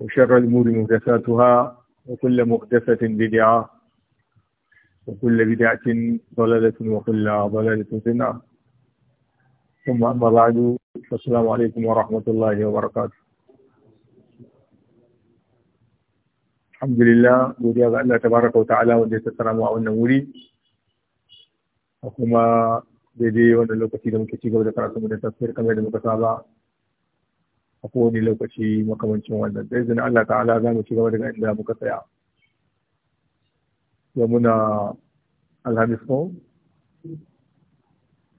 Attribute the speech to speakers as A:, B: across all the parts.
A: وشر الأمور مهدفاتها وكل مهدفة بدعة وكل بدعة ضلالة وكل ضلالة في النار ثم أما بعد فالسلام عليكم ورحمة الله وبركاته الحمد لله بودي الله تبارك وتعالى وندي السلام وعون نوري وكما بدي وأنا لو كتير من كتير وندي كتير من كتير a kowane lokaci makamancin wannan da izinin Allah ta'ala za mu ci gaba daga inda muka tsaya da muna alhamis ko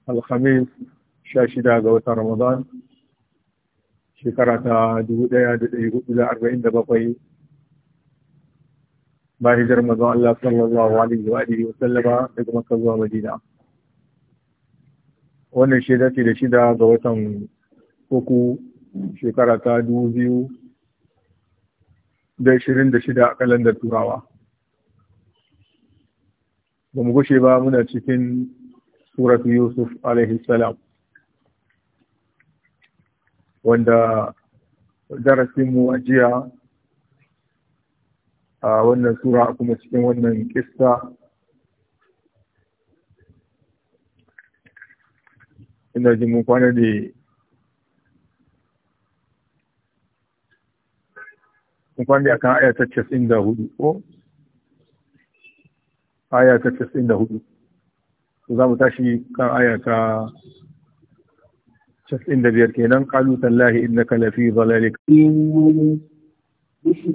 A: alhamis sha shida ga watan ramadan shekara ta dubu ɗaya da ɗari hudu da arba'in da bakwai bayan hijar mazan Allah sallallahu alaihi wa alihi wa sallama daga Makka zuwa Madina wannan shaida ce da shida ga watan uku shekara ta dubu biyu da shirin da shida a kalandar turawa ba mu gushe ba muna cikin suratu yusuf alaihi wanda darasinmu a jiya a wannan sura kuma cikin wannan kista ina jimin kwanar da mun kwambi a kan ayata casin da hudu ko ayata casin da hudu su za mu tashi kan ayata casin da biyar kenan kalu tallahi innaka lafi zalalika
B: بسم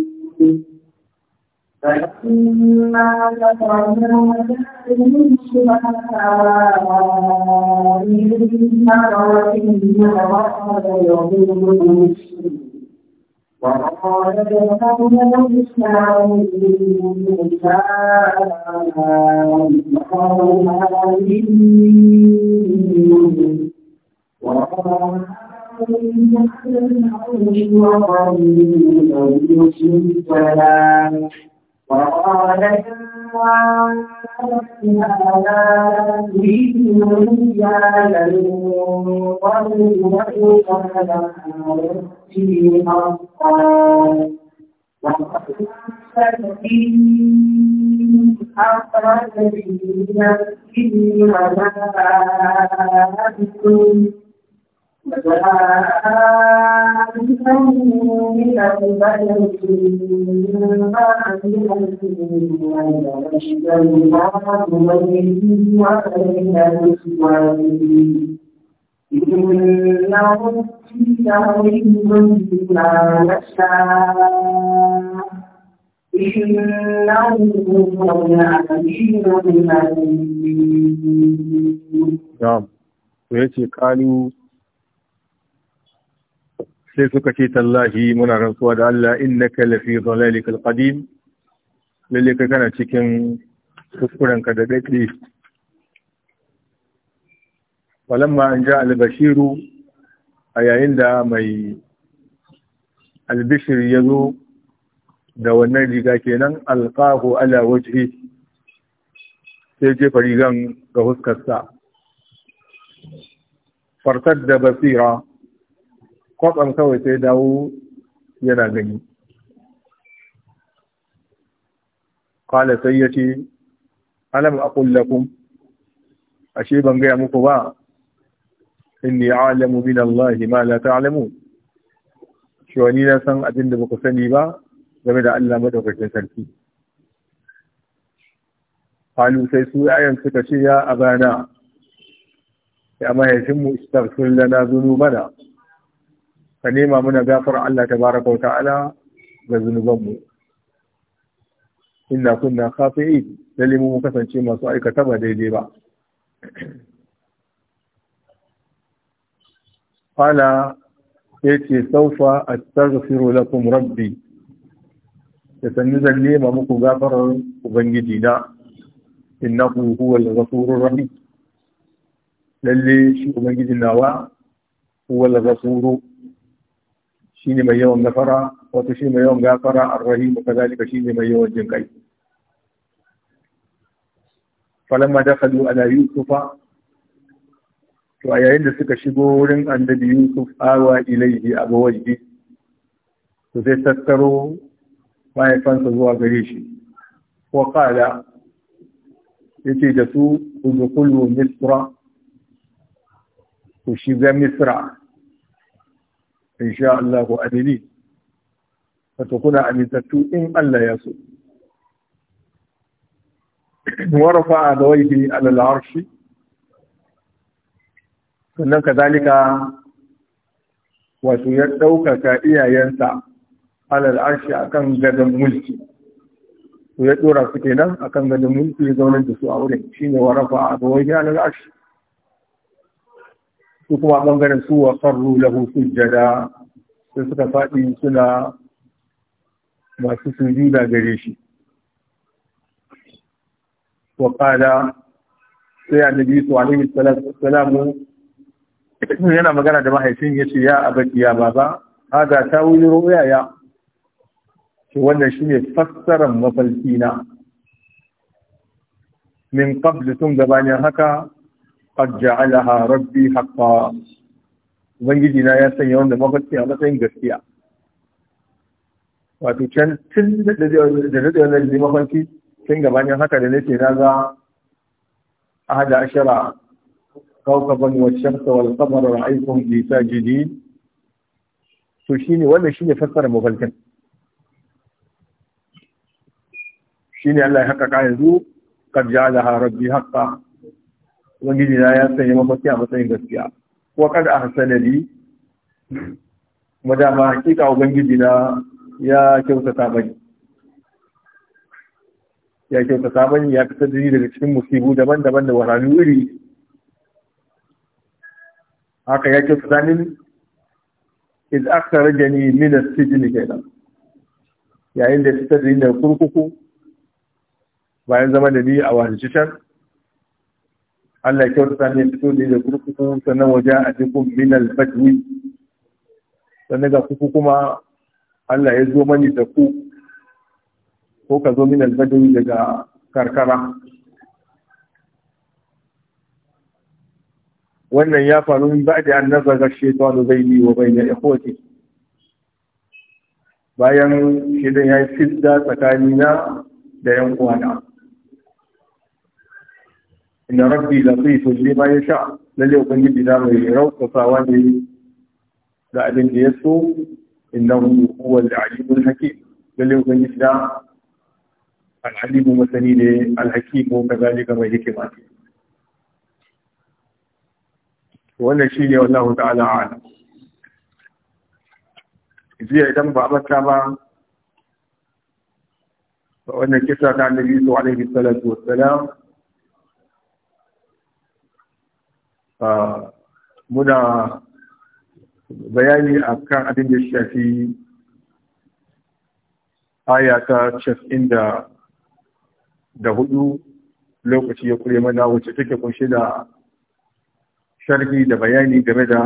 B: فإما كفرنا ذلك فسواء إن الرحمة يضل المشركين وقال ذهبنا الإسلام نساء وقالوا هذه وقالوا هذه وقالوا هذه وقال إن لا نريد رجالا قد وقفنا في حقا أخرج به نفسه وماء إنه في يوم ما يشاء Na'am,
A: to yace kalu sai suka ce tallahi muna rantsuwa da Allah innaka lafi zalalik qadim lalle kai kana cikin kuskurenka da dadi walamma an ja albashiru a yayin da mai albishir ya zo da wannan riga kenan alqahu ala wajhi sai jefa rigan ga huskarsa fartar da basira kwatsam kawai sai dawo yana gani kala sai ya ce alam aqul ashe ban gaya muku ba inni a'lamu min Allah ma la ta'lamu cewa ni na san abin da baku sani ba game da Allah madaukakin sarki Halu sai su yayan suka ce ya abana ya mahaifinmu istaghfir lana mana? ka nema muna gafar Allah tabaraka wa ta'ala ga zunubanmu inna kunna khafi'in lalle mu kasance masu aikata ba daidai ba qala yace saufa astaghfiru lakum rabbi da sanni zan nema muku gafarar ubangiji na innahu huwal ghafurur rahim lalle shi ubangiji nawa huwal ghafurur shine mai yawan gafara wato shi mai yawan gafara ar-rahim shi shine mai yawan jin kai falamma dakhalu ala yusufa to a yayin da suka shigo wurin annabi yusuf awa ilaihi abu wajhi to sai tattaro mahaifansa zuwa gare shi wa qala yace da su udkhulu misra ku shiga misra in sha Allah ku amini wato kuna amintattu in Allah ya so wa da dawaihi ala arshi sannan kazalika wato ya ɗaukaka iyayensa alal arshi akan gadon mulki Ko ya dora su kenan akan gadon mulki ya zauna da su a wurin shine wa rafa a gawai alal arshi su kuma bangaren su wa karru lahu sujjada sai suka faɗi suna masu sujuda gare shi wa qala sai annabi su alaihi salamu yana magana da mahaifin yace ya abaki ya baba haga ta wuri ya to wannan shine fassarar mafalkina min qabl tun gabanin haka قد جعلها ربي حقا ونجي دينا يا سيون دمو قد سيانا سيان قرسيا واتو چن تن لدي ونجي دي مخوان كي تن غبانيا حقا لنتي نازا أحد عشر كوكبا والشمس والقمر رأيكم لي ساجدين سوشيني ولا شيني فسر مغلقن شيني الله يحقق عن قد جعلها ربي حقا ubangiji na ya sanya mafarki a matsayin gaskiya wa kada a sanadi madama hakika ubangiji na ya kyautata mani ya kyautata mani ya kasar da ni daga cikin musibu daban-daban da wahalhalu wuri haka ya kyautata min iz ni min as-sijn kenan yayin da fitar da ni daga kurkuku bayan zama da ni a wani can Allah ya kyauta ne fito ne da kurkukun sannan waje a cikin minal fajwi sannan ga kuku kuma Allah ya zo mani da ku ko ka zo minal fajwi daga karkara wannan ya faru min ba da annaba ga zai yi wa baina ikhwati bayan shi da ya fitta tsakanina da yan uwana إن ربي لطيف لما يشاء للي أبني بنام يروق صواني لأبن يسو إنه هو العليم الحكيم للي أبني بنام العليم مثنين الحكيم وكذلك ما يكماته وأنا شيني والله تعالى عالم إذا إذا بعض كما وأنا كسرت عن النبي عليه وسلم muna bayani a kan abin da shafi aya ta casa'in da hudu lokaci ya kure mana wacce take kunshi da sharhi da bayani game da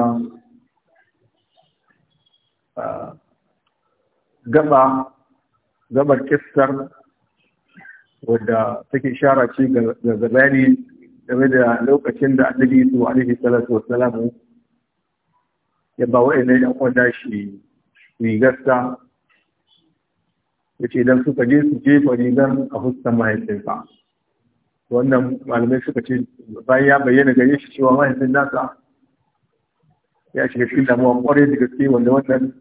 A: gaba gabar kistar wadda take shara ce ga zabani game da lokacin da annabi su alaihi salatu salamu ya ba wa'annan yan uwan shi rigarsa ya ce idan suka je su jefa rigar a fuskan mahaifinsa wannan malamai suka ce bayan ya bayyana gare shi cewa mahaifin nasa ya shiga cikin damuwa kwarai da gaske wanda wannan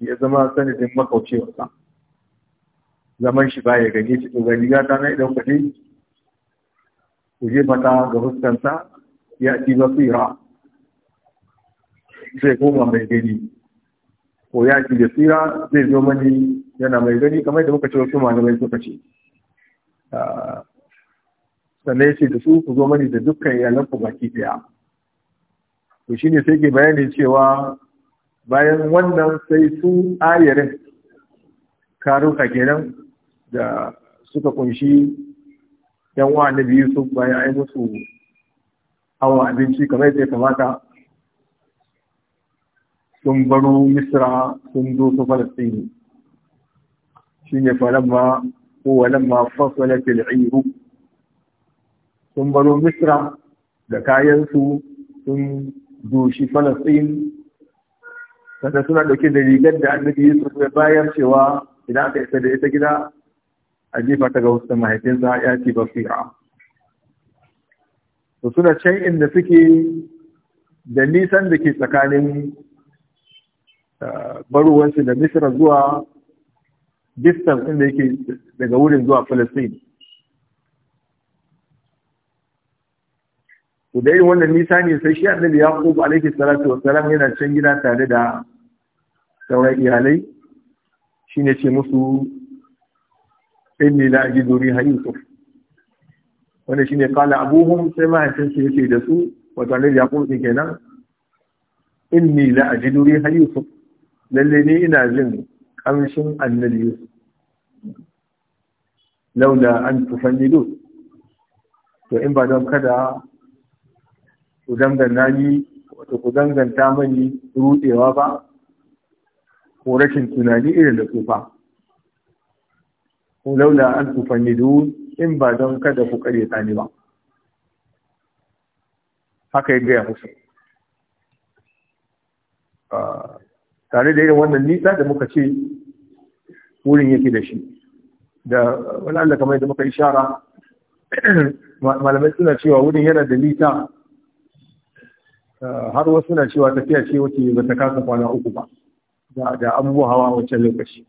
A: ya zama sanadin makaucewarsa zaman shi baya gani shi to gani ta na idan kwaje ku jefa ta ga fuskansa ya ci basira sai koma mai gani ko ya ci basira zai zo mani yana mai gani kamar da muka ci wasu malamai suka ce ah, sannan ya ce da su ku zo mani da dukkan iyalan ku baki daya to shine sai ke bayani cewa bayan wannan sai su ayarin karuka kenan da suka kunshi yan wa annabi Yusuf bayan ai musu hawa abinci kamar yadda ya kamata sun baro Misra sun zo su Falastini shine falamma ko walamma fasalat al-ayr sun baro Misra da kayansu sun doshi Falastin sannan suna dauke da rigar da annabi Yusuf ya bayar cewa idan aka isa da ita gida a jefa ta ga wasu mahaifinsa ya ce ba su to suna can inda suke da nisan da ke tsakanin eh, baruwansu da misra zuwa distance inda yake daga wurin zuwa Palestine. To da irin wannan nisa ne sai shi annabi Yaqub alaikis salatu wasalam yana can gida tare da sauran iyalai shine ce musu inni la ajidu riha yusuf Wani shine qala abuhum sai ma mahaifinsu yake da su wato ya kuma din kenan inni la ajidu riha yusuf lalle ni ina jin kamshin annabi yusuf laula an tufannidu to in ba don kada ku danganta ni wato ku danganta mani rudewa ba ko rashin tunani irin da fa laula an tufannidun in ba don kada ku kare tsani ba haka ya gaya musu ah, tare da irin wannan nisa da muka ce wurin yake da shi da wani Allah kamar yadda muka ishara malamai suna cewa wurin yana da nisa ah, har wasu suna cewa tafiya ce wacce ba ta kasa kwana uku ba da abubuwa hawa wancan lokaci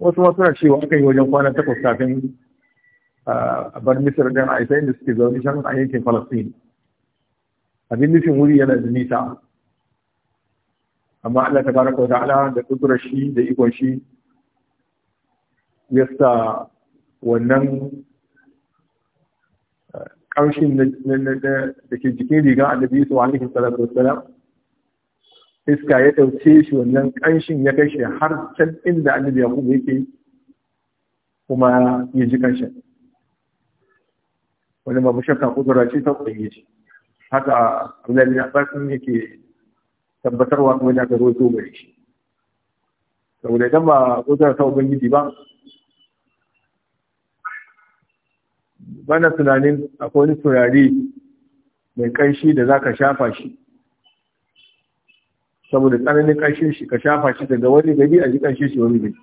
A: wasu ma suna cewa aka yi wajen kwana takwas kafin a bar misir din a isa inda suke zaune can a yankin falastin abin nufin wuri yana da nisa amma allah ta baraka wa ta'ala da kudurar shi da ikon shi ya sa wannan ƙarshen da ke jikin riga annabi su alaihi salatu wassalam iska ya ɗauke shi wannan ƙanshin ya kai shi har can inda annabi kuma yake kuma ya ji ƙanshin wani babu shakka kudura ce ta shi. haka abdullahi su abbas yake tabbatarwa kuma ya ga rozo gare shi saboda idan ba kudura ta ubangiji ba bana tunanin akwai wani turare mai ƙanshi da za ka shafa shi saboda tsananin ƙanshin shi ka shafa shi daga wani gari a ji ƙanshin shi wani gari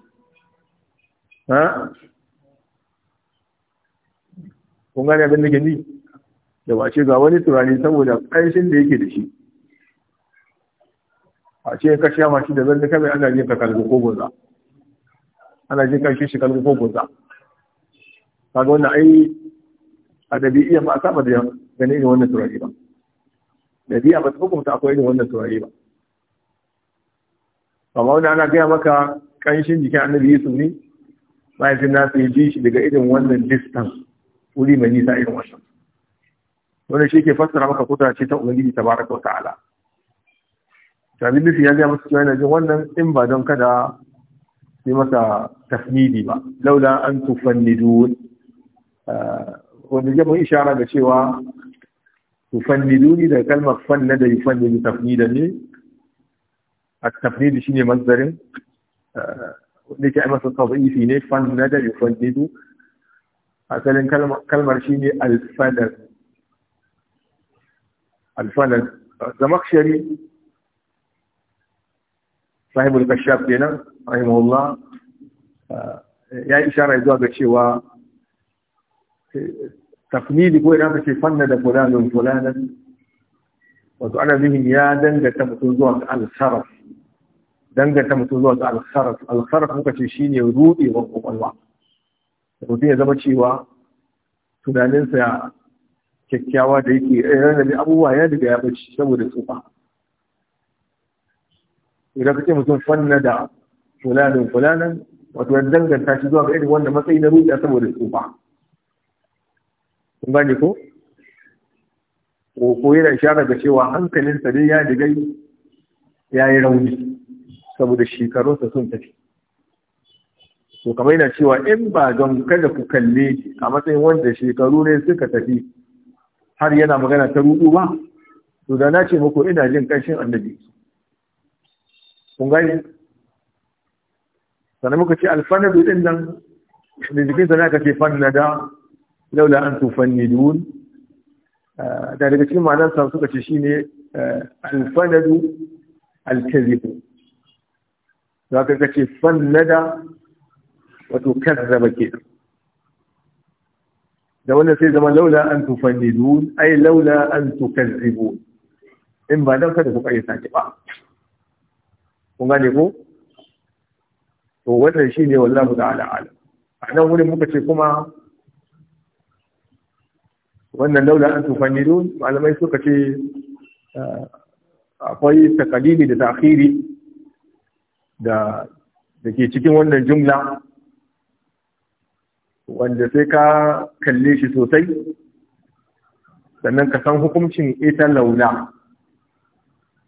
A: ha kun gani abin da ke ni da ba ce ga wani turani saboda ƙanshin da yake da shi a ce ka shafa shi da zanne kamar ana jin ka kalgo ko goza ana jin ƙanshin shi kalgo ko goza kaga wannan ai a dabi'iya ba a saba da ganin irin wannan turani ba dabi'a ba ta hukunta akwai irin wannan turani ba amma wanda ana gaya maka kanshin jikin annabi yusuf ne mahaifin na ya ji shi daga irin wannan distance wuri mai nisa irin wannan wanda shi ke fassara maka kuta ce ta ubangiji ta wa ta'ala ala. nufi ya gaya masu cewa yana jin wannan in ba don kada su yi masa tafnidi ba laula an duwun eh, wanda ya ishara da cewa tufanniduni da kalmar fanna da yufannidu tafnida ne التقليد شيني مصدر لك أمس التضعيف ني فند يفند أصلا كلمة كلمة شيني الفند الفند زمخشري صاحب الكشاف دينا رحمه الله ya ishara zuwa ga cewa tafnidi ko idan kace fanna da fulanin fulanan wato ana nufin ya dangata mutum zuwa ga al-sarf dangata mutum zuwa ga al-sarf al-sarf muka ce shine rubewar kwakwalwa mutum ya zama cewa tunaninsa kyakkyawa da yake da eh, abubuwa ya daga ya bace saboda tsufa idan kace mutum fanna da fulanin fulanin wato yan danganta shi zuwa ga irin wanda matsayi na ruɗa saboda tsufa kun gane ko koko yana ishara da cewa hankalinsa dai ya diga ya yi rauni saboda shekarunsa sun tafi to kamar yana cewa in ba don kada ku kalle a matsayin wanda shekaru ne suka tafi har yana magana ta rudu ba to da na ce muku ina jin ƙarshen annabi kun gani sannan muka ce alfanadu din nan da jikinsa na ka ce fannada laula an tufanni dun Eh, da daga cikin sa suka ce shine eh, alfanadu alkazibu za ka kace fannada wato kazzaba ke da wannan sai zama laula an tufannidun ai laula an tukazzibun in ba dan kada ku kai sake ba kun gane ko to wannan shine wallahi ta'ala alam a nan wurin muka ce kuma wannan laula an don malamai suka ce ah, akwai takalili da ta'khiri da da ke cikin wannan jumla wanda sai ka kalle shi sosai sannan ka san hukuncin ita laula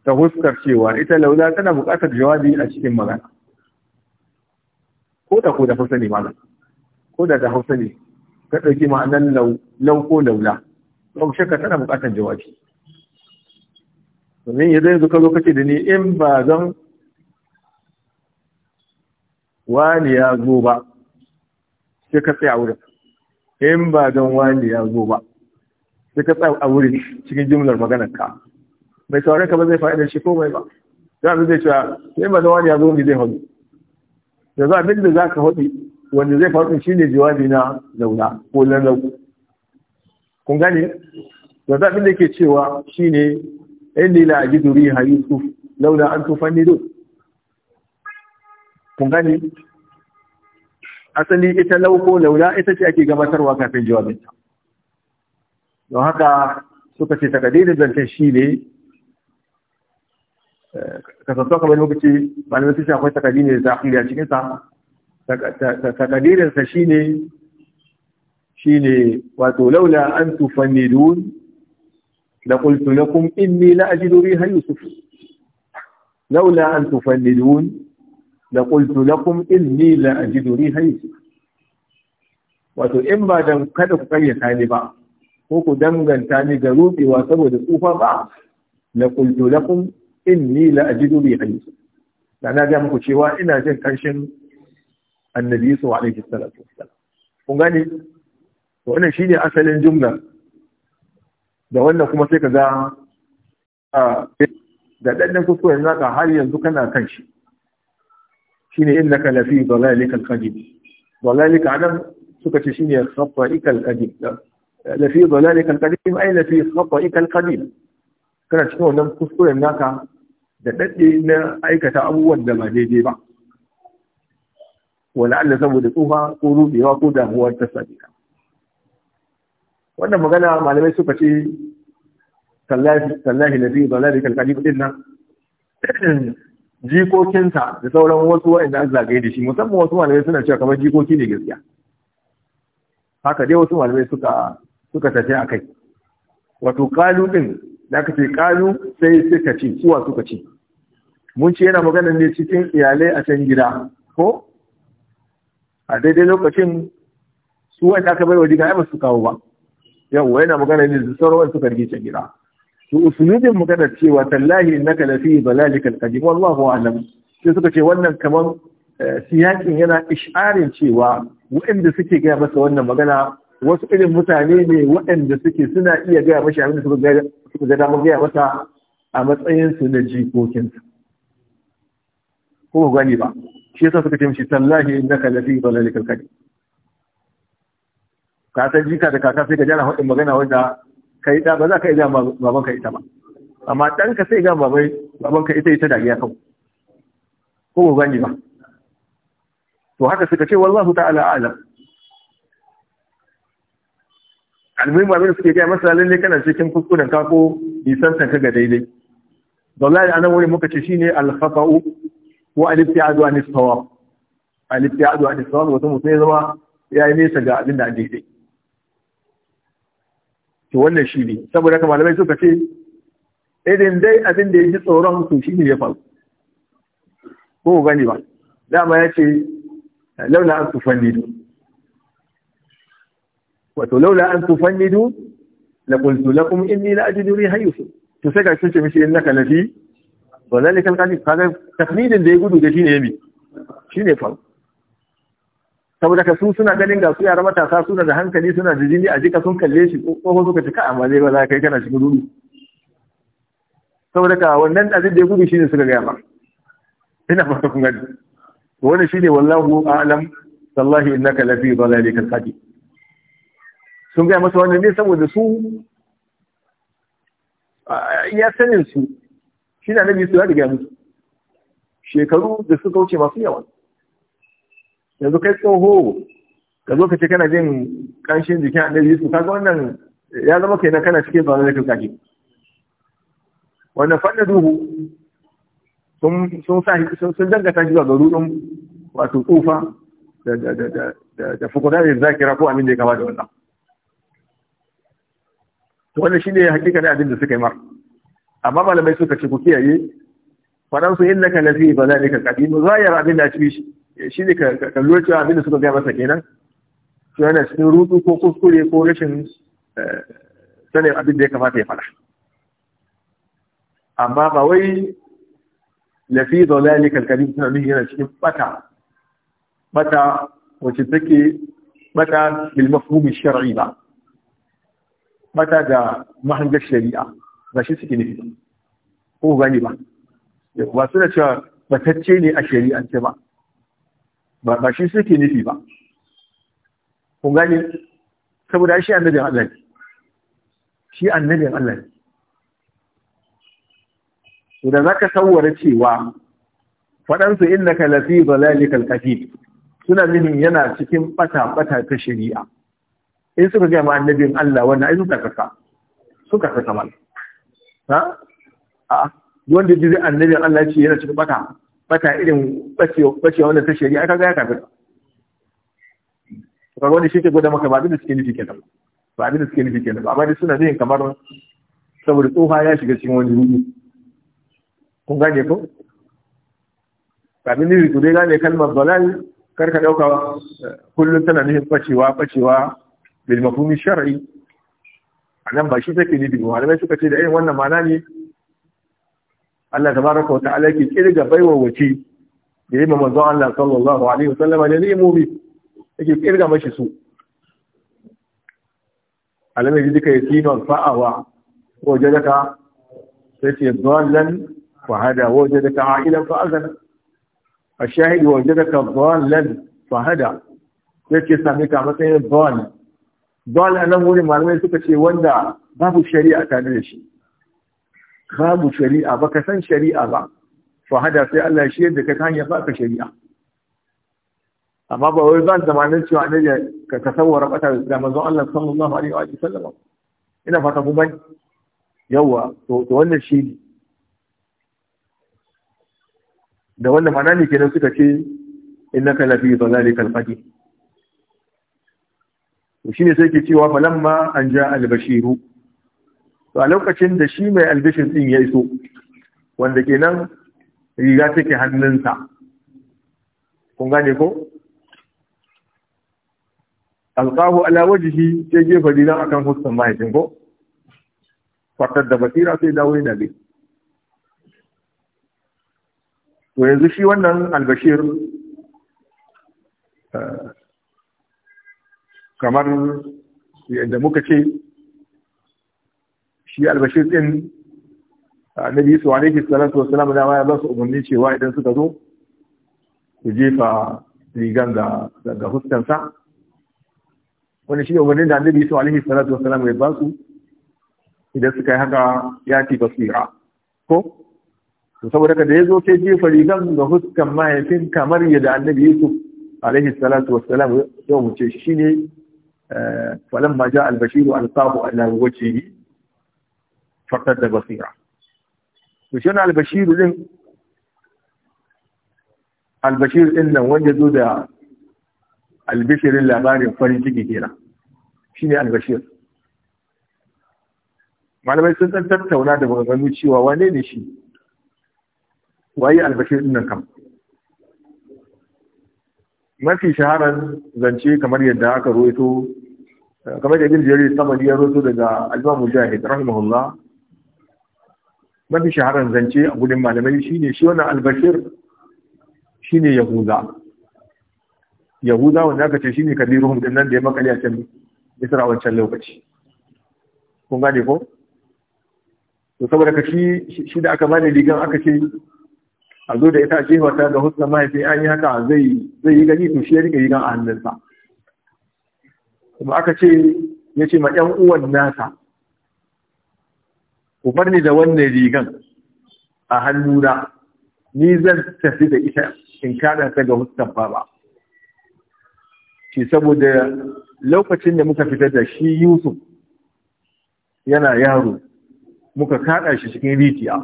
A: ta huskar cewa ita laula tana buƙatar jawabi a cikin magana ko da ko da hausa ne magana ko da da hausa ne ka ɗauki ma'anar lau ko laula ba shakka tana buƙatar jawabi domin yanzu yanzu ka zo da ni in ba zan wani ya zo ba sai ka tsaya a wurin in ba zan wani ya zo ba sai ka tsaya a wurin cikin jimlar maganar ka mai sauran ka ba zai fa'idar shi ko mai ba za a zai cewa in ba zan wani ya zo ni zai hudu Yanzu abin da za ka hudu wanda zai faru shi ne jawabi na launa ko lalau kun gane da zaɓin da ke cewa shi ne 'Yan inni a ajidu riha yusuf launa an tufan do kun gane asali ita lau ko launa ita ce ake gabatarwa kafin jawabinta don haka suka ce takadirin zancen shi ne eh, kasantuwa kamar lokaci na mafi shafai takadi ne da zafi a cikinsa takadirinsa shi ne shi ne wato laula an dun da kultunakun lakum inni la ajidu riha yusuf laula an dun da kultunakun lakum inni la ajidu riha yusuf wato in ba don kada ku karyata ni ba ko ku danganta ni ga rubewa saboda tsufa ba la kultunakun lakum inni la ajidu riha yusuf da na ga muku cewa ina jin karshen annabi Yusuf alaihi salatu wassalam kun gane to wannan shine asalin jumla da wannan kuma sai ka ga a da dandan kuskure naka har yanzu kana kan shi shine innaka lafi dalalikal qadim dalalika adam suka ce shine khata'ikal qadim lafi dalalikal qadim ai lafi khata'ikal qadim kana cikin wannan kuskuren naka da dadde na aikata abubuwan da ba daidai ba wala Allah saboda tsufa ko rubewa ko damuwa ta sami ka wannan magana malamai suka ce na lazi ba zai kalkali kudin nan jikokinsa da sauran wasu wa'anda an zagaye da shi musamman wasu malamai suna cewa kamar jikoki ne gaskiya haka dai wasu malamai suka suka tafi a kai wato kalu din da aka ce kalu sai suka ce suwa suka ce mun ce yana magana ne cikin iyalai a can gida ko a daidai lokacin su wanda aka bai wa diga ba su kawo ba yawwa yana magana ne da sauran suka rigice gida to usulubin magana cewa tallahi innaka lafi dalalika alqadim wallahu a'lam sai suka ce wannan kamar eh, siyakin yana isharin cewa waɗanda suke gaya masa wannan magana wasu irin mutane ne waɗanda suke suna iya gaya mashi abin da suka ga damar gaya masa a matsayinsu na jikokinsa. Kuma gani ba, shi yasa suka ce mishi tallahi innaka lafi balalikal kadi ka san jika da kaka sai ka jana hudin magana wanda kai da ba za ka iya baban ka ita ba amma dan ka sai ga babai baban ka ita ita dariya kau ko ba gani ba to haka suka ce wallahu ta'ala a'lam almuhim abin suke gaya masa lalle kana cikin kuskuren ka ko nisan ka ga daidai wallahi anan wani muka ce shine al-khata'u ko al-ibtiadu an as-sawab al-ibtiadu an mutum ya zama ya yi nesa ga abin da daidai to wannan shi ne saboda haka malamai suka ce irin dai abin da ya ji tsoron su shi ne ya faru ko gani ba dama ya ce laula an du. wato laula an tufannidu la qultu lakum inni la ajidu riha yusuf to sai ga shi ce mishi innaka lafi ba lalle kan kaji da ya gudu da yami, shi ne faru saboda ka su suna ganin ga su yara matasa suna da hankali suna da jini a jika sun kalle shi ko suka cika amma zai ba za kai kana shi gudu saboda ka wannan da ya gudu shi ne suka gaya ma ina fata kun gani shi ne wallahu a'lam sallahi innaka lafi zai al-qadim sun gaya masa wannan ne saboda su ya sanin su shi na nabi su ya riga mutu shekaru da suka wuce masu yawa yanzu kai tsoho ka zo ka ce kana jin kanshin jikin annabi yusuf kaga wannan ya zama kai na kana cikin zaune da kai ke wannan fanna duhu sun sahi sun dangata zuwa ga rudun wato tsufa da da da da da fukuda zakira ko abin da ya kama da wannan to wannan shine ne abin da suka yi mara amma malamai suka ce ku kiyaye faɗan su inda ka lafi ba za ka kadim zahir abin da ci shi ne ka kallo cewa abin da suka gaya masa kenan Su yana cikin rutu ko kuskure ko rashin eh, sanin abin da ya kamata ya faɗa amma ba wai lafi dalalika alkarim suna nuni yana cikin bata bata wacce take bata bil mafhumi shar'i ba bata da mahangar shari'a ba shi suke nufi ko gani ba ba suna cewa batacce ne a shari'ance ba ba shi suke nufi ba kun gani saboda shi annabin Allah ne shi annabin Allah ne to da zaka sawwara cewa faɗan su innaka lafi dalalikal kafid suna nufin yana cikin bata bata ta shari'a in suka ga annabin Allah wannan ai suka kasa suka kasa mallaka ha a wanda ji annabin Allah ya ce yana cikin bata bata irin bacewa wanda ta shari'a kaga ya kafir kaga wanda shi ke gwada maka ba abin da suke nufi kenan ba abin da suke nufi kenan ba amma dai suna yin kamar saboda tsoha ya shiga cikin wani rudu kun gane ko abin nufi ku dai gane kalmar balal kar ka dauka eh, kullum tana nufin bacewa bacewa bil mafhumi shar'i a nan ba shi take ne biyu. malamai suka ce da irin wannan mana ne Allah baraka wa ta'ala ke kirga baiwa wace da yi manzo Allah sallallahu alaihi wasallam da ne mu bi yake kirga mashi su alamai ji duka ya nan fa'awa jadaka sai ce dhallan fa hada wajadaka a'ilan fa azana الشاهد fa hada sai ce sami ka matsayin ball dole a nan wurin malamai suka ce wanda babu shari'a tare da shi babu shari'a ba ka san shari'a ba Fa hada sai Allah shi yadda ka hanya ba ka shari'a amma ba wai zan zamanin cewa ne da ka tasawwara bata da manzon Allah sallallahu alaihi wa sallam ina fata ku bai yawa to wannan shi ne da wannan mana ne kenan suka ce innaka lafi dhalalika al-qadim to shine sai ke cewa falamma an ja albashiru to a lokacin da shi mai albishir din ya iso wanda kenan riga take hannunsa kun gane ko alqahu ala wajhi sai jefa dinan akan fuskan mahaifin ko fatar da basira sai dawo yana bi to yanzu shi wannan albashir eh, kamar yadda muka ce shi albashir din annabi su alaihi salatu wassalam da ya ba su umarni cewa idan suka zo su jefa rigan ga daga huskansa wani shi umarnin da annabi su alaihi salatu lamuna ya ba su idan suka yi haka ya ci basira ko saboda ka da ya zo sai jefa rigan ga huskan mahaifin kamar yadda annabi yusuf alaihi salatu wassalam ya umarce shi ne فلما جاء البشير ألقاه على وجهه فقد بصيرا وشنا البشير ذن البشير إن وجد ذا البشير البشر اللابار فرنجي كثيرا شنو البشير malamai sun tattauna da maganganu cewa wane ne shi waye albashir ɗin nan mafi shaharar zance kamar yadda aka roito kamar da jirgin jirgin saman ya roito daga alba mujahid rahimahullah mafi shaharar zance a gudun malamai shine shi wannan albashir shine yahuda yahuda wanda aka ce shine kadiruhum din nan da ya makale a can isra wancan lokaci kun gane ko to saboda ka shi da aka bani rigan aka ce a zo da ita jefa ta ga husna mahaifi an yi haka zai yi gani to shi ya rike rigan a hannunsa kuma aka ce ya ce ma 'yan uwan nasa ku bar ni da wannan rigan a hannuna ni zan tafi da ita in kada ta ga husna baba shi saboda lokacin da muka fitar da shi yusuf yana yaro muka kada shi cikin rijiya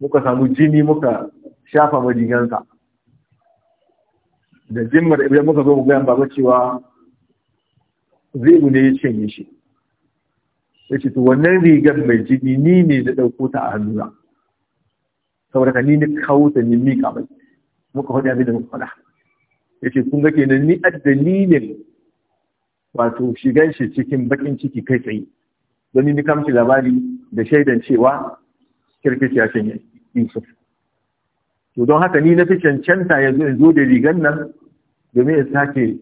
A: muka samu jini muka shafa madigansa da jimmar ibiyar muka zo mu gayan baba cewa zai ne ya cinye shi ya ce to wannan rigar mai jini ni ne da ɗauko ta a hannuna saboda ka ni ni kawo ta ni miƙa mai muka faɗi abin da muka faɗa ya ce kun ga kenan ni addani ne wato shigan shi cikin bakin ciki kai tsaye don ni kamci labari da shaidan cewa ya shin Yusuf to don haka ni na fi cancanta in zo da rigan nan domin in sake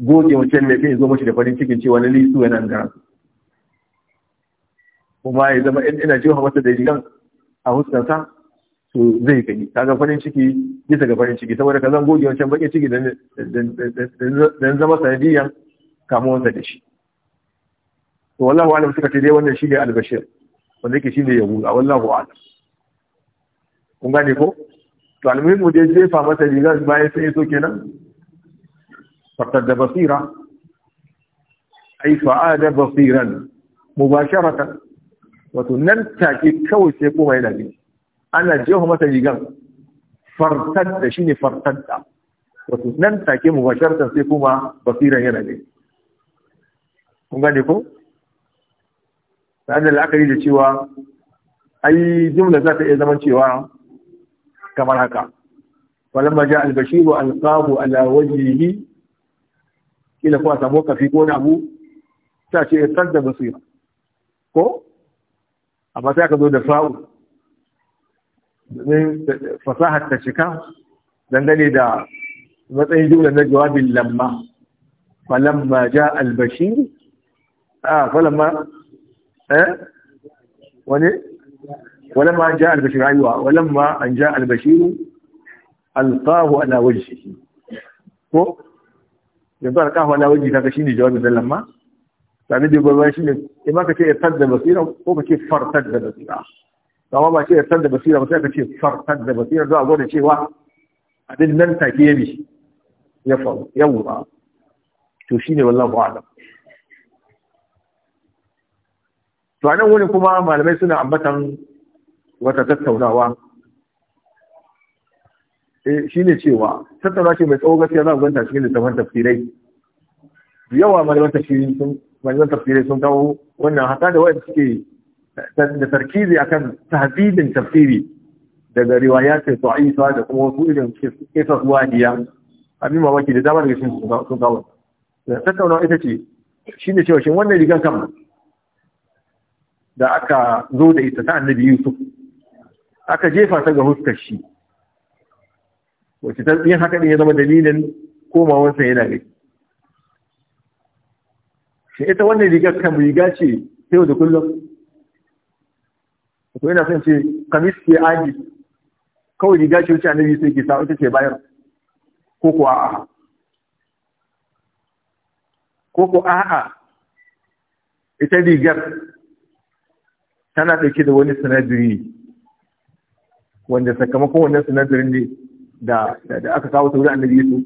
A: goge wancan laifin in zo mashi da farin cikin cewa na lisu yana gara kuma ya zama ina jefa masa da rigan a huskansa to zai gani kaga farin ciki bisa ga farin ciki saboda ka zan goge wancan bakin ciki dan zama sanadiyan kamuwansa da shi to wallahu alam suka ce dai wannan shi ne albashir wanda yake shine a wallahu a'lam kun gane ko to almuhimu dai jefa masa rigar bai sai so kenan fatta da basira ai fa'ada basiran mubasharata wato nan take kawai sai kuma yana bi ana jefa masa rigar ne shine da wato nan take mubasharata sai kuma basiran yana bi kun gane ko tare da la'akari da cewa ai jumla za ta iya zama cewa kamar haka falamma ja albashi bashiru alqahu ala wajhihi kila ko a samu kafi ko na abu ta ce isar da basira ko amma sai aka zo da fa'u domin fasahar ta cika dangane da matsayin jumla na jawabin lamma falamma ja al A ah falamma Eh? Wani wane walamma ja al-bashir Wani ma an ja al-bashir alqahu ala wajhihi ko yanzu alqahu ala kaka shi ne jawabin dan lamma sani da babban shine in ma kace irtad da basira ko ka kace fartad da basira amma ba ce irtad da basira ba sai kace fartad da basira za a gode cewa abin nan take yabi ya faru yawwa to shi shine wallahu a'lam to a wurin kuma malamai suna ambatan wata tattaunawa eh, shi ne cewa tattaunawa ce mai tsawo gaskiya za a gwanta cikin littafin tafsirai yawa malaman tafsirai sun tafsirai sun kawo wannan haka da wadda suke da tarkizi kan tahdidin tafsiri daga ta da'ifa da kuma wasu irin kisas wadiya abin mamaki da dama daga sun kawo tattaunawa ita ce shine cewa shin wannan rigan kan da aka zo da ita ta annabi Yusuf aka jefa ta ga huskar shi wacce ta yin haka ne ya zama dalilin komawarsa yana rai shi ita wannan rigar kan riga ce yau da kullum ko yana son ce kamis ke aji kawai riga ce wuce annabi sai ke sa ita ce bayar ko ko a'a ko ko a'a ita rigar tana ɗauke da wani sinadari wanda sakamakon wannan sinadarin ne da aka kawo ta wurin annabi Yusuf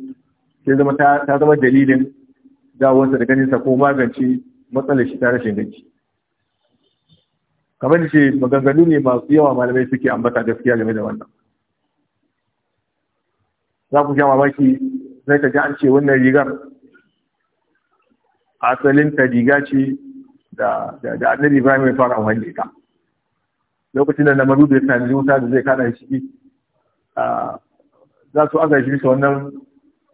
A: sai zama ta zama dalilin dawonsa da ganinsa ko magance matsalar shi ta rashin ganci kamar da ce maganganu ne masu yawa malamai suke ambata gaskiya game da wannan za ku sha mamaki zai ka ji an ce wannan rigar asalin ta riga ce da annabi Ibrahim ya fara amfani da ita lokacin da namaru da ya sami wuta da zai kada shi za su aga shi bisa wannan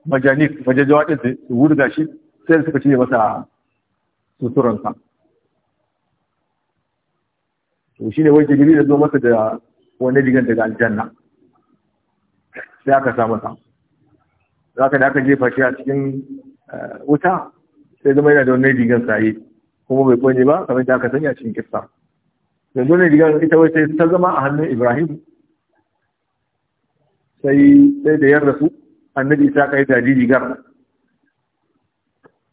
A: majanik majajawa ɗin su wurga shi sai suka cire masa suturansa to shi ne wajen jibiri da zo masa da wani rigar daga aljanna sai aka sa masa za ka da aka jefa shi a cikin wuta sai zama yana da wani rigar saye kuma bai kone ba kamar da aka sanya cikin kifta yanzu ne rigar ita wai sai ta zama a hannun ibrahim sai sai da yar rasu annabi isa kai ta rigar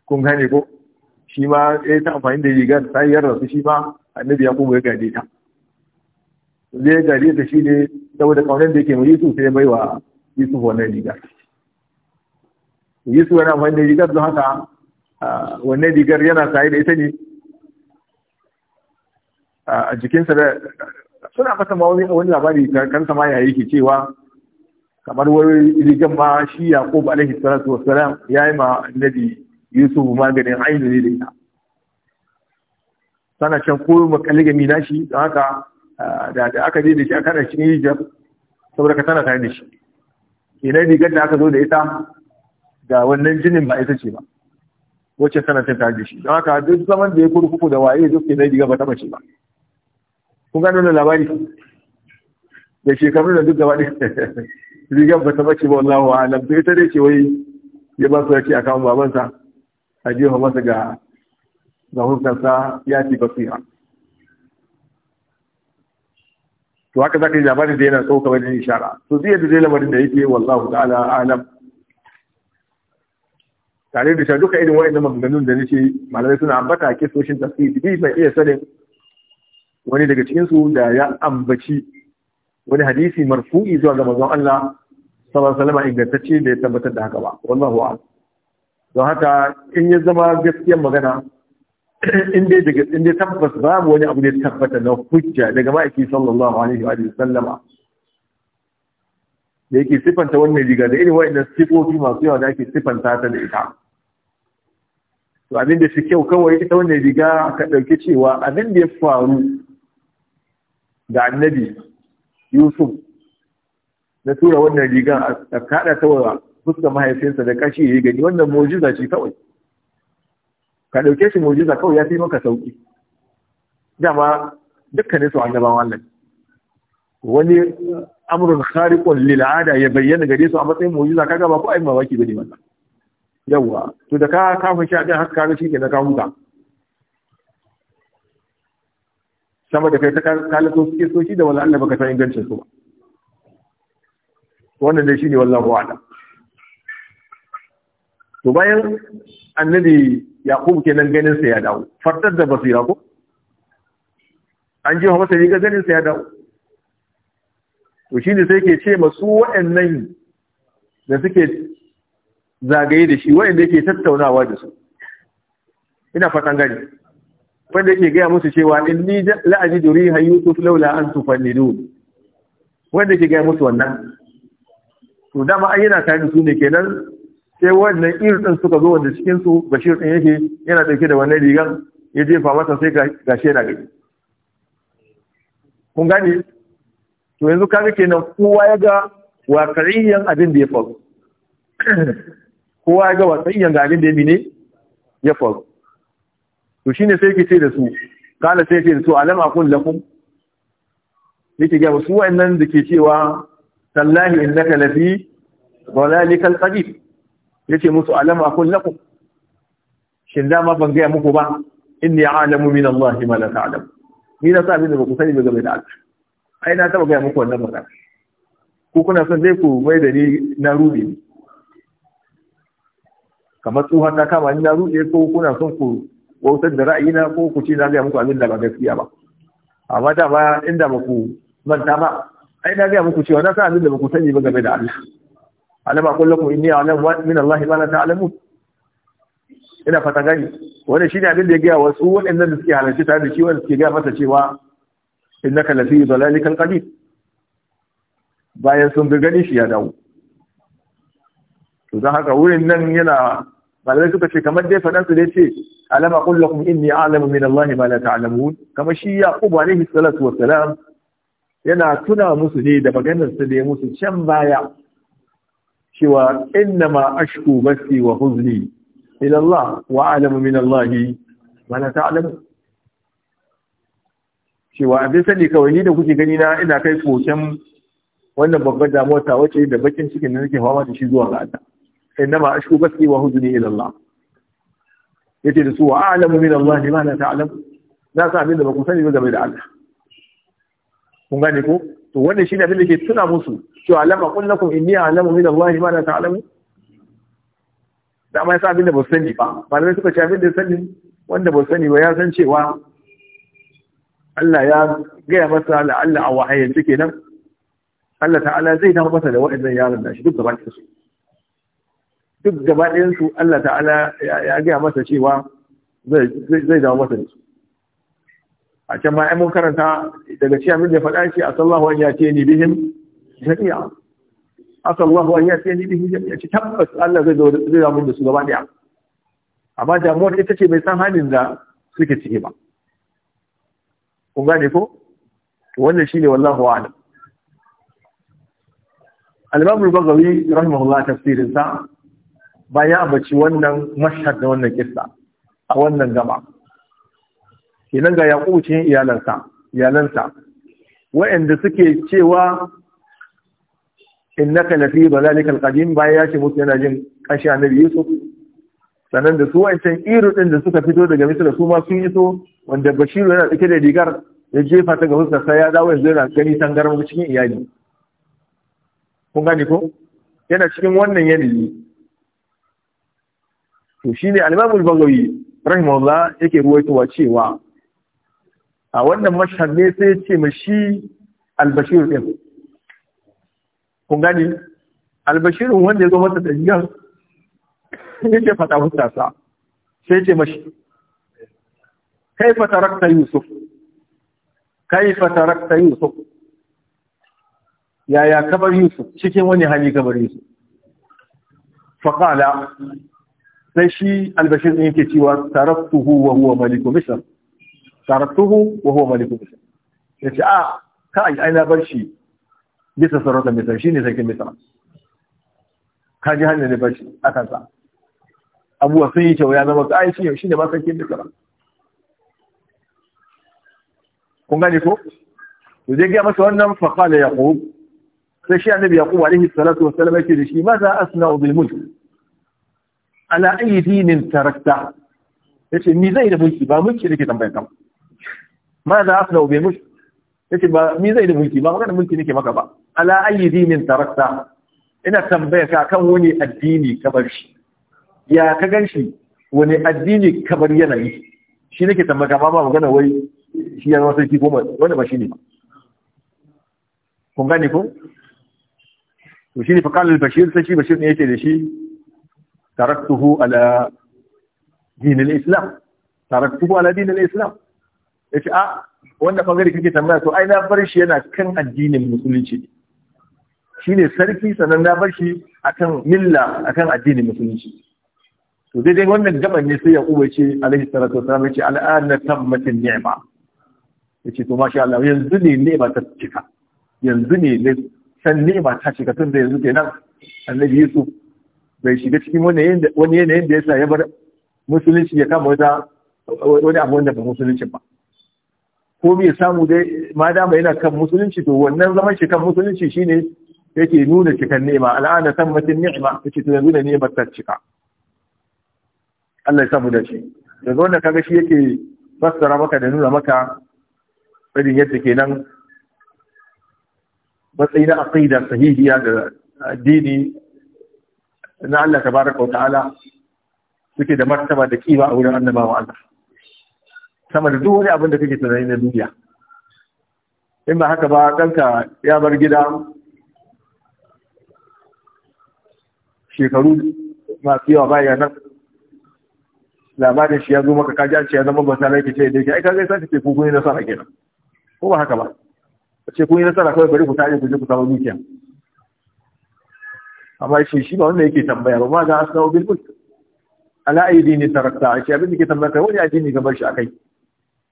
A: kun gane ko shi ma ya ta amfani da rigar sai yar rasu shi ma annabi ya kuma ya gade ta Zai ya gade ta shi ne saboda kaunar da yake mai yusuf sai bai wa yusuf wannan rigar yusuf yana amfani da rigar don haka wannan rigar yana saye da ita ne a jikinsa da suna fata ma wani labari kan sama ya ke cewa kamar wani rigan ma shi yaqub alaihi salatu wassalam yi ma annabi yusuf maganin ainu ne da ita sana can koyo makaligami na shi don haka da aka je da shi aka da shi ne hijab saboda ka tana tare da shi kenan rigar da aka zo da ita ga wannan jinin ba ita ce ba wacce sana ta tare da shi don haka duk zaman da ya kurkuku da waye duk kenan rigar ba ta bace ba kun gano da labari da shekaru da duk gaba ɗaya rigar ba ta bace ba wallahu alam to ita dai ce wai ya ba su yake a kan babansa a jefa masa ga ga hukunsa ya ci fiya. to haka zaka yi labarin da yana tsoka wajen ishara to zai da dai lamarin da yake wallahu ta'ala alam tare da shi duka irin wa'annan maganganun da nace malamai suna ambata soshin tafsiri bi mai iya sanin wani daga cikinsu da ya ambaci wani hadisi marfu'i zuwa ga manzon Allah sallallahu alaihi wasallam ingantacce da ya tabbatar da haka ba wallahu a'lam don haka in ya zama gaskiyar magana in dai daga in dai tabbas babu wani abu da ya tabbata na hujja daga ma'aiki sallallahu alaihi wa sallama da yake sifanta wannan riga da irin wa'annan sifofi masu yawa da ake sifanta ta da ita to abin da shi kyau kawai ita wannan riga ka dauke cewa abin da ya faru ga annabi yusuf na tura wannan rigan a kada ta wa fuskar mahaifinsa da kashi ya gani wannan mojiza ce kawai ka ɗauke shi mojiza kawai ya fi maka sauki dama dukkanin su annabawan wannan wani amurin harikon lil'ada ya bayyana gare su a matsayin mojiza kaga ba ku ai mamaki bane wannan yawa to da ka kafa shi a haka shi ke na kawuka saboda kai ta kalato suke so shi da wani Allah baka san ingancin su ba wannan dai shi ne wallahu a'lam to bayan annabi yaqub kenan ganin sa ya dawo fartar da basira ko an ji masa riga ganin sa ya dawo to shine sai ke ce masu wa'annan da suke zagaye da shi wa'anda yake tattaunawa da su ina fatan gani wanda yake gaya musu cewa inni la'ajidu riha yusuf laula an tufannidu wanda yake gaya musu wannan to dama ai yana tare su ne kenan sai wannan irin din suka zo wanda cikin su bashir din yake yana dauke da wannan rigan ya je fa masa sai shi yana gani kun gane to yanzu kaga kenan kowa ya ga waƙariyan abin da ya faru kowa ya ga waƙariyan ga abin da ya mine ya faru to shine sai yake ce da su kala sai ce da su alam akun lakum yake ga su wayannan da ke cewa tallahi innaka lafi dalalikal qadim yace musu alam akun lakum shin da ma ban gaya muku ba inni a'lamu min Allah ma la ta'lam ni na sa da ku sani ba game da Allah ai na taba gaya muku wannan magana ku kuna son dai ku mai da ni na rubi kamar tsohon na kama ni na ruɗe ko kuna son ku wautar da ra'ayina ko ku ce na gaya muku abin da ba gaskiya ba amma da ba inda ba ku manta ba ai na gaya muku cewa na san abin da ba ku sani ba game da Allah alama kullakum inni a'lamu min Allah ma la ta'lamu ina fata gani wannan shine abin da ya gaya wasu waɗannan da suke halarci tare da shi wanda suke gaya masa cewa innaka lafi dalalikal qadim bayan sun ga gani shi ya dawo to dan haka wurin nan yana malamai suka ce kamar dai faɗansu dai ce alama qul kuma inni a'lamu min Allah ma la ta'lamun kamar shi yaqub alaihi salatu wa salam yana tuna musu ne da maganar su da musu can baya cewa inna ma ashku basi wa huzni ila Allah wa a'lamu min Allah ma la ta'lamun cewa abin sani kawai ni da kuke gani na ina kai koken wannan babbar damuwa ta wace da bakin cikin da nake fama da shi zuwa ga Allah innama ashku bathi wa huzni ila Allah yace da su wa a'lamu min Allah ma la ta'lam na sa abinda ba ku sani ba game da Allah kun gane ko to wannan shine abin da ke tuna musu cewa lam aqul lakum inni a'lamu min Allah ma la ta'lamu da amma yasa abin da ba sani ba malamai suka ce abinda da sani wanda ba su sani ba ya san cewa Allah ya gaya masa la'alla a wahayin kenan Allah ta'ala zai dawo masa da waɗannan yaran da shi duk gaba su duk gaba ɗayan su Allah ta'ala ya gaya masa cewa zai dawo masa da su a can ma 'yan mun karanta daga ciyar min da faɗa shi Sallahu an yace ni bihim jami'a Sallahu an yace ni bihim jami'a ci tabbas Allah zai dawo zai da su gaba ɗaya amma damuwar ita ce bai san halin da suke ciki ba kun gane ko wannan ne wallahu a'lam al-imam al-baghawi rahimahullah tafsirin sa bayan ya abaci wannan mashhad da wannan kissa a wannan gaba kenan ga yaqubu cikin iyalansa iyalansa wa'anda suke cewa innaka lafi dalalika alqadim ba ya ce musu yana jin kashi annabi yusuf sannan da su wa'ancan iru din da suka fito daga misra su masu sun yi wanda bashiru yana tsike da rigar ya jefa ta ga fuskar sai ya dawo yanzu yana gani tangarma cikin iyali kun gane ko yana cikin wannan yanayi to shi ne alimamul al-Baghawi rahimahullah yake ruwaitowa cewa a wannan mashhad ne sai ya ce ma shi albashir din kun gani al wanda ya zo masa da jigan yake fata hutasa sai ce mashi kaifa tarakta Yusuf kaifa tarakta Yusuf yaya kabar Yusuf cikin wani hali kabar Yusuf faƙala sai shi albashir ɗin yake cewa taraktuhu wa huwa maliku misr taraktuhu wa huwa maliku misr yace a ah, ka ai aina bar shi bisa sarauta misr shine sarkin misr ka ji hannun ne bar shi akan sa abuwa sun yi cewa ya zama ka ai shi ne ma sarkin misr kun gane ko to dai ga masa wannan fa qala yaqub sai shi annabi yaqub alaihi salatu wassalam yake da shi ma za asna'u bil mulk ala ayi dinin tarakta yace ni zai da mulki ba mulki nake tambayar ka ma za asla ubi mulki yace ba ni zai da mulki ba magana mulki nake maka ba ala ayi dinin tarakta ina tambayar ka kan wani addini ka bar shi ya ka ganshi wani addini ka bar yanayi shi nake tambayar ka ba magana wai shi ya wasa ki goma wanda ba shi ne kun gane ko to shi ne fa kallal bashir sai shi bashir ne yake da shi taraktuhu ala dinin islam taraktuhu ala dinin islam yace a wanda bangare kake tambaya to ai na bar shi yana kan addinin musulunci shine sarki sannan na bar shi akan milla akan addinin musulunci to dai dai wannan gaban ne sai ya uba ce alaihi salatu wasalam yace al'ana tammatin ni'ma yace to masha Allah yanzu ne ni'ma ta cika yanzu ne san ni'ma ta cika tun da yanzu kenan annabi Yusuf bai shiga cikin wani yanayin da ya sa ya bar musulunci ya kama wata wani abu wanda ba musulunci ba ko bai samu dai ma dama yana kan musulunci to wannan zaman shi kan musulunci shine yake nuna cikan nema al'ana tammatin ni'ma yake tana nuna ni'mar ta cika Allah ya samu da shi daga wannan kaga shi yake fassara maka da nuna maka irin yadda kenan matsayi na aqida sahihiya da addini na Allah baraka wa ta'ala suke da martaba da kima a wurin annabawa Allah sama da duk wani abin da kake tunani na duniya in ba haka ba kanka ya bar gida shekaru masu yawa baya nan labarin shi ya zo maka kaji an ce ya zama ba sa laifin ce da yake ai kaga sai ce ku kun yi nasara kenan ko ba haka ba ce kun yi nasara kawai bari ku ta ku je ku samu dukiya amma shi shi ba wanda yake tambaya ba ma ga asna'u bil mulk ala aidi ne tarakta shi abin da ke tambaya kai wani addini ka bar shi akai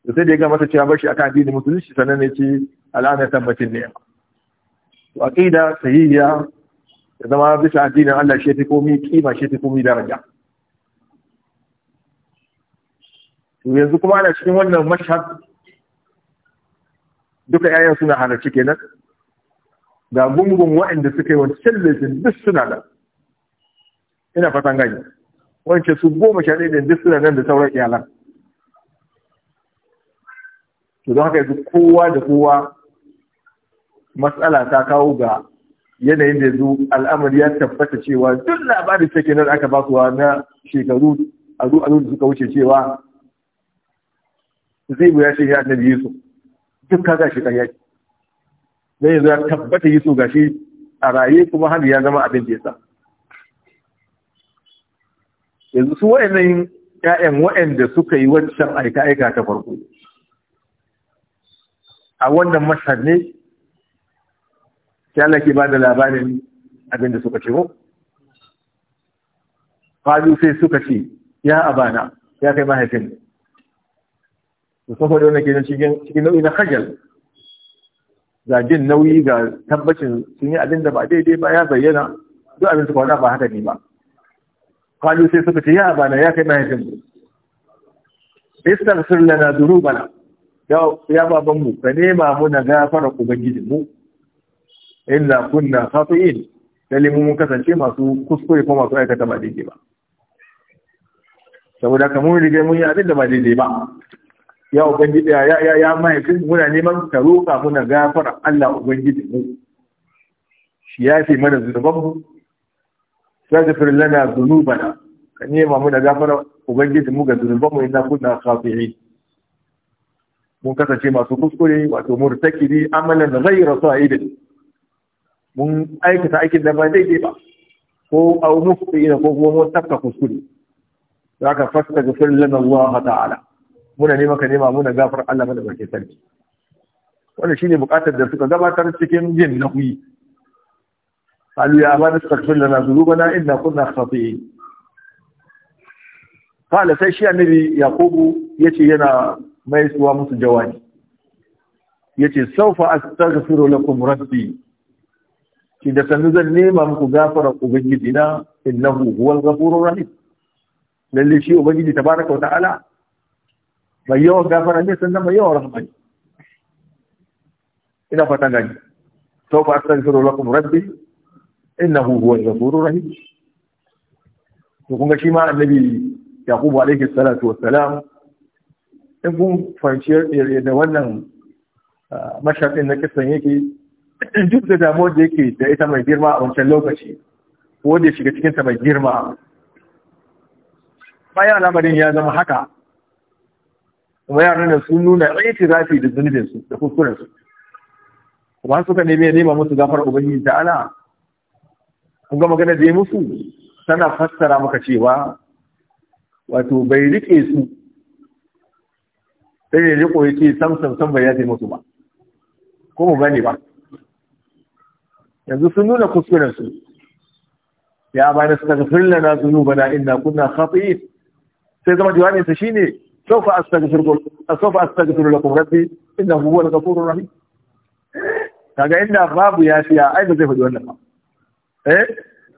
A: to sai da ya ga masa cewa bar shi akan addini musulunci sanan ne ce al'ana tabbatin ne to aqida sahihiya da zama bisa addinin Allah shi ta komi kima shi ta komi daraja to yanzu kuma ana cikin wannan mashhad duka 'ya'yan suna halarci kenan ga gungun waɗanda suka yi wancan laifin duk suna nan ina fatan gani wancan su goma sha ɗaya duk suna nan da sauran iyalan to don haka yanzu kowa da kowa matsala ta kawo ga yanayin da yanzu al'amari ya tabbata cewa duk labarin take nan aka kuwa na shekaru a da suka wuce cewa zai buya shi ya annabi yusuf duk kaga shi kan yaki zai yanzu ya tabbata yi su gashi a raye kuma har ya zama abin da ya sa yanzu su wa'annan 'ya'yan wa'anda suka yi wancan aika aika ta farko a wannan mashhad ne ta ke ba da labarin abin da suka ce ko oh. Fadu sai suka ce, Ya abana, ya kai mahaifin. Musamman da wani ke cikin nau'i na hajjal, ga jin nauyi ga tabbacin sun yi abin da ba daidai ba ya bayyana duk abin su kwana ba haka ne ba kwalu sai suka ce ya bana ya kai mahaifin mu sun lana duru bana, ya baban mu ka nema mu na gafara ubangijin mu na kunna in lalle mun kasance masu kuskure ko masu aikata ba daidai ba saboda kamar mun riga mun yi abin da ba daidai ba ya ubangiji ya ya ya mahaifin muna neman ka roƙa muna gafara Allah ubangiji mu shi ya fi mana zunuban mu yaghfir lana dhunubana ka nema muna gafara ubangiji mu ga zunuban mu inna kunna khati'in mun kasance masu kuskure wato murtakidi amalan ghayra sa'idin mun aikata aikin da ba daidai ba ko au mufti ko kuma mun tafka kuskure zaka fasta gafir lana Allah ta'ala muna neman ka nema muna gafar Allah mana barke sarki wannan shine bukatar da suka gabatar cikin jin na nahwi qalu ya abana istaghfir lana dhunubana inna kunna khati'in qala sai shi annabi yaqubu yace yana mai suwa musu jawabi yace saufa astaghfir lakum rabbi ki da sanin zan nema muku gafara ubangiji na innahu huwal ghafurur rahim lalle shi ubangiji tabaraka wa ta'ala mai yawan gafara ne sun zama yawan rahama ne ina fatan gani sau fa astaghfiru lakum rabbi innahu huwal ghafurur rahim to kun ga shi ma annabi yaqubu alaihi salatu wassalam in kun fahimci da wannan ah, mashaƙin na kisan yake duk da damuwar da yake da ita mai girma a wancan lokaci ko da shiga cikinta mai girma bayan lamarin ya zama haka kuma yaran nan sun nuna itirafi da zunubin su da kuskuren su kuma suka nemi nema musu gafar ubangiji ta'ala kun ga magana da ya musu tana fassara maka cewa wato bai rike su sai ya riko yake sam san sam bai yafe musu ba ko mu bane ba yanzu sun nuna kuskuren su ya bayan suka ga firlana zunubana inna kunna khati'in sai zama jawabinsa shine سوف أستغفر سوف أستغفر لكم ربي إنه هو الغفور الرحيم kaga inda babu yafiya ai ba zai faɗi wannan ba eh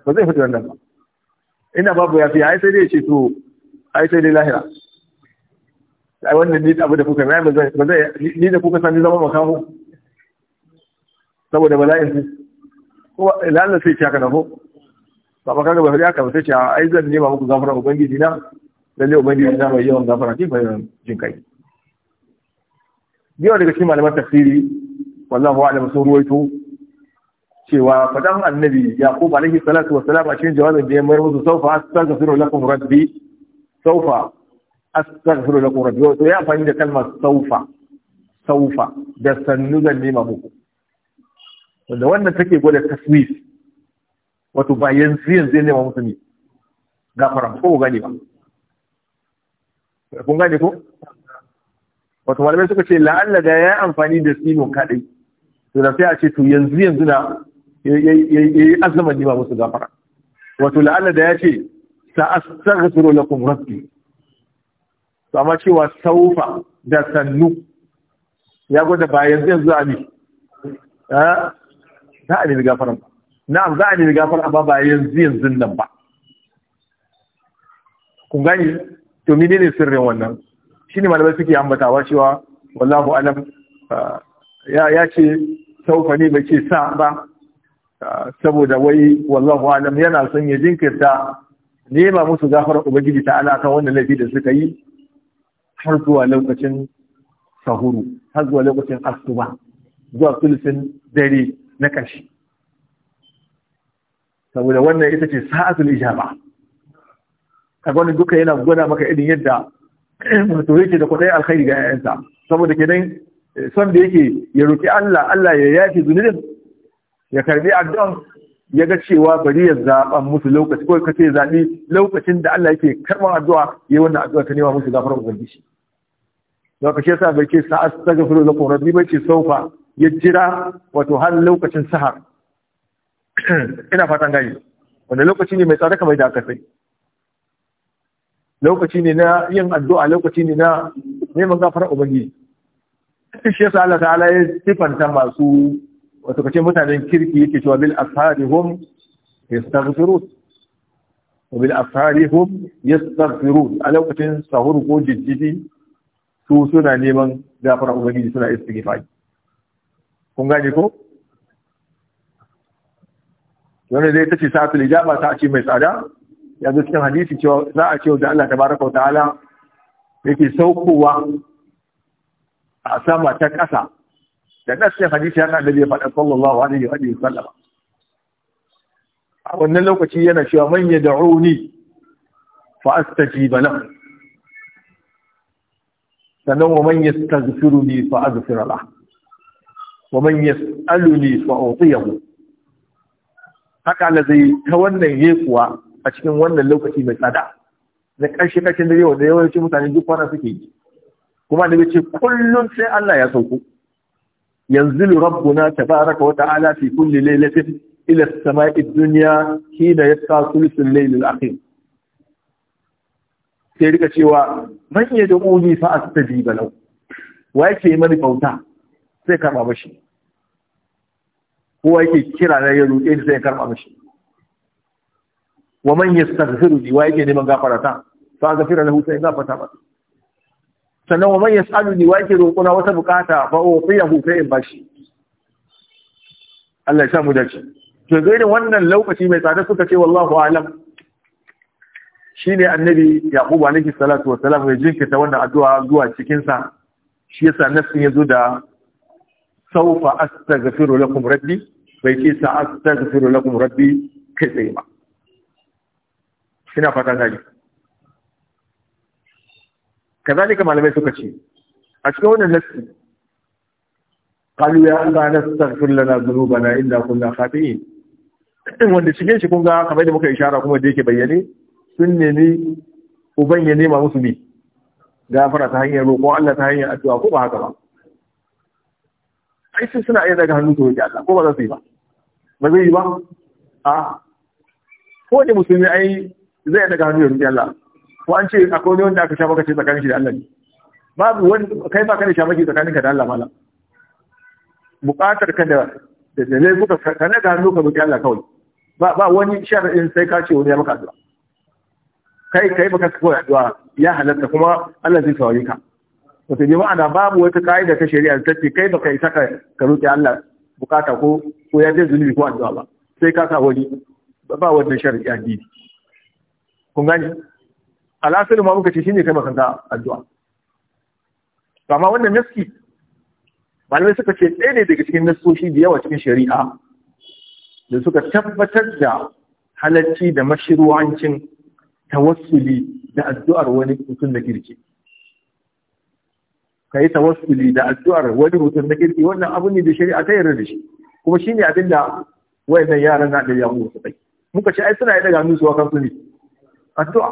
A: ba zai faɗi wannan ba inda babu yafiya ai sai dai ce to ai sai dai lahira ai wannan ni abu da kuka mai ba zai ba zai ni da kuka sani zama makaho saboda bala'in su ko lalle sai ta kana ko ba ba kaga ba sai aka ba sai ce ai zan nema muku gafarar ubangiji na lalle ubangiji na mai yawan gafara ne mai yawan jin kai yawa daga cikin malaman tafsiri wallahu a'lam sun ruwaito cewa fadan annabi yaqub alaihi salatu wa salam a cikin jawabin da ya mayar musu saufa astaghfiru lakum rabbi saufa astaghfiru lakum rabbi to ya amfani da kalmar saufa saufa da sannu zan nema muku wanda wannan take gwada taswif wato bayan yanzu yanzu nema musu ne gafara ko gani ba kun gane ko wato malamai suka ce la'alla da ya amfani da simon kadai to da sai a ce to yanzu yanzu na yayi azama ni ba musu gafara wato la'alla da ya ce sa'astaghfiru lakum rabbi to amma cewa saufa da sannu ya gwada ba yanzu yanzu a ni za a nemi gafara ba na'am za a nemi gafara amma ba yanzu yanzu nan ba kun gani to ne sirrin wannan shine malamai suke ambatawa cewa wallahu alam ah, ya ce saufa ne bai ce sa ba ah, saboda wai wallahu alam yana son ya jinkirta nema musu gafarar ubangiji ta ala kan wannan laifi da suka yi har zuwa lokacin sahuru har zuwa lokacin asuba zuwa sulsin dare na kashi saboda wannan ita ce sa'atul ijaba kagwani duka yana gwada maka irin yadda wato yake da kwadai alkhairi ga yayansa saboda kenan eh, son da yake ya roki Allah Allah ya yafi zunubin ya karbi addu'an ya ga cewa bari ya zaɓa musu lokaci ko kace zaɓi lokacin da Allah yake karɓar addu'a yayin wannan addu'a ta nema musu gafarar ubangiji don ka shesa bai ce sa astaghfiru lakum rabbi bai ce saufa ya jira wato har lokacin sahar ina fatan gani wannan lokaci ne mai tsada kamar da aka sai lokaci ne na yin addu'a lokaci ne na neman gafarar ubangiji shi yasa Allah ta'ala ya sifanta masu wato kace mutanen kirki yake cewa bil asharihum yastaghfirun wa bil asharihum yastaghfirun a lokacin sahur ko jijjidi su suna neman gafarar ubangiji suna istighfari kun gane ko Wani dai ta ce sa'atul ijaba ta ce mai tsada ya zo cikin hadisi cewa za a ce da Allah tabaraka ta'ala yake saukowa a sama ta ƙasa da ƙasashen hadisi yana da bai faɗa sallallahu alaihi wa sallama a wannan lokaci yana cewa man ya da'uni fa astajiba lahu sannan wa manya man ne fa aghfir ba wa manya man yas'aluni fa utiyahu haka Allah zai ta wannan yekuwa a cikin wannan lokaci mai tsada na ƙarshe ƙarshen dare wanda yawancin mutane duk kwana suke yi kuma da ce kullum sai Allah ya sauko yanzu rabbuna tabaraka wa ta'ala fi kulli laylatin ila as-sama'i ad-dunya hina yasqa thuluthul layl al-akhir sai rika cewa man iya da uni fa astajiba lahu wa yake mani bauta sai karba mashi ko yake kira na ya sai karba mashi wa man yastaghfiru li wa yake neman gafara ta fa gafira lahu sai gafarta ba. sannan wa man yas'alu li wa yake roƙona wata bukata fa utiyahu sai in bashi Allah ya samu dace to irin wannan lokaci mai tsada suka ce wallahu alam shine annabi yaqub alayhi salatu wa salam ya jinkirta wannan addu'a zuwa cikin sa shi yasa nafsin zo da saufa astaghfiru lakum rabbi bai ce sa astaghfiru lakum rabbi kai tsaye ba ina fata gani kazalika malamai suka ce a cikin wannan nasi qalu ya allah nastaghfir lana dhunubana inna kunna khati'in in wanda cikin shi kun ga kamar da muka ishara kuma da yake bayyane sun nemi uban ya nema musu ne gafara ta hanyar roƙo Allah ta hanyar addu'a ko ba haka ba ai suna iya daga hannu su roƙi Allah ko ba za su yi ba ba zai yi ba a ko da musulmi ai zai daga hannu ya Allah ko an ce akwai wanda aka sha maka ce tsakanin shi da Allah ne babu wani kai ba ka da sha maki tsakanin ka da Allah malam buƙatar ka da da laifuka ka ga hannu ka roƙi Allah kawai ba ba wani sharadin sai ka ce wani ya maka addu'a kai kai baka koyi addu'a ya halatta kuma Allah zai saurare ka wata bi ma'ana babu wata ka'ida ta shari'a ta ce kai baka isa ka roƙi Allah bukata ko ko ya je zunubi ko addu'a ba sai ka sa wani ba wannan shar'i addini kun gani al'asirin ma muka ce shine kai makanta addu'a amma wannan naski malamai suka ce ɗaya ne daga cikin nasoshi da yawa cikin shari'a da suka tabbatar da halacci da mashiruwancin tawassuli da addu'ar wani mutum da kirki ka yi tawassuli da addu'ar wani mutum da kirki wannan abu ne da shari'a ta yarda da shi kuma shine abin da wayannan yaran na da yawo su kai muka ce ai suna yi daga hannu kan su ne addu'a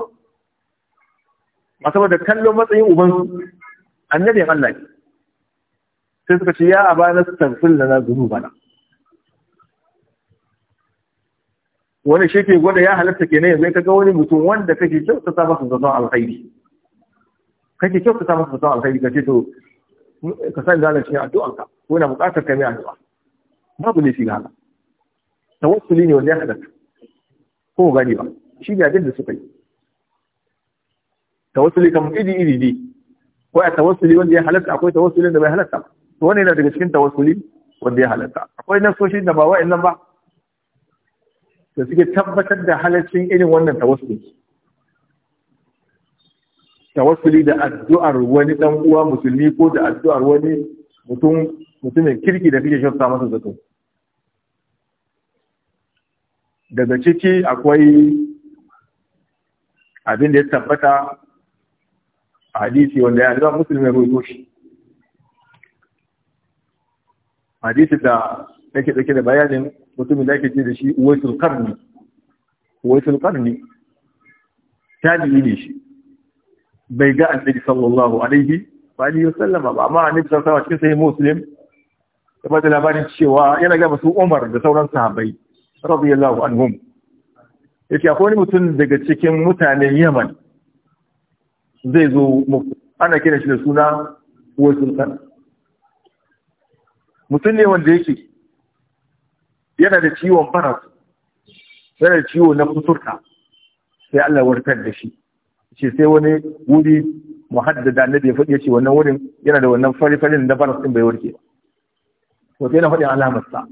A: ba saboda kallo matsayin ubansu annabin Allah ne sai suka ce ya abana na zuru bana. wani shi ke gwada ya halatta kenan yanzu ka ga wani mutum wanda kake kyau sa masa zaton alkhairi kake kyau sa masa zaton alkhairi kace to ka san da cikin addu'anka ko yana buƙatar ka mai addu'a babu ne shi ga haka tawassuli ne wanda ya halatta ko gani ba shi ga da suka yi tawassuli kam iri iri ne ko a tawassuli wanda ya halatta akwai tawassuli da bai halatta to wannan yana daga cikin tawassuli wanda ya halatta akwai na nasoshi da ba nan ba da suke tabbatar da halaccin irin wannan tawassuli tawassuli da addu'ar wani dan uwa musulmi ko da addu'ar wani mutum mutumin kirki da kike shafa masa zato daga ciki akwai abin da ya tabbata a hadisi wanda ya zama musulmi ruwa shi hadisi da yake ɗauke da bayanin mutumin da ke ce da shi waisul karni waisul karni ta ne shi bai ga annabi sallallahu alaihi wa alihi sallama ba amma ne ta sawa cikin sayi muslim ya da labarin cewa yana ga masu umar da sauran sahabbai radiyallahu anhum yake akwai wani mutum daga cikin mutanen yaman zai zo mutum? ana kira shi da suna uwar sultan mutum ne wanda yake yana da ciwon baras yana da ciwo na kusurta sai Allah warkar da shi ce sai wani wuri muhaddada na ya faɗi ce wannan wurin yana da wannan fari-farin da baras ɗin bai warke ba to sai na faɗin alamarsa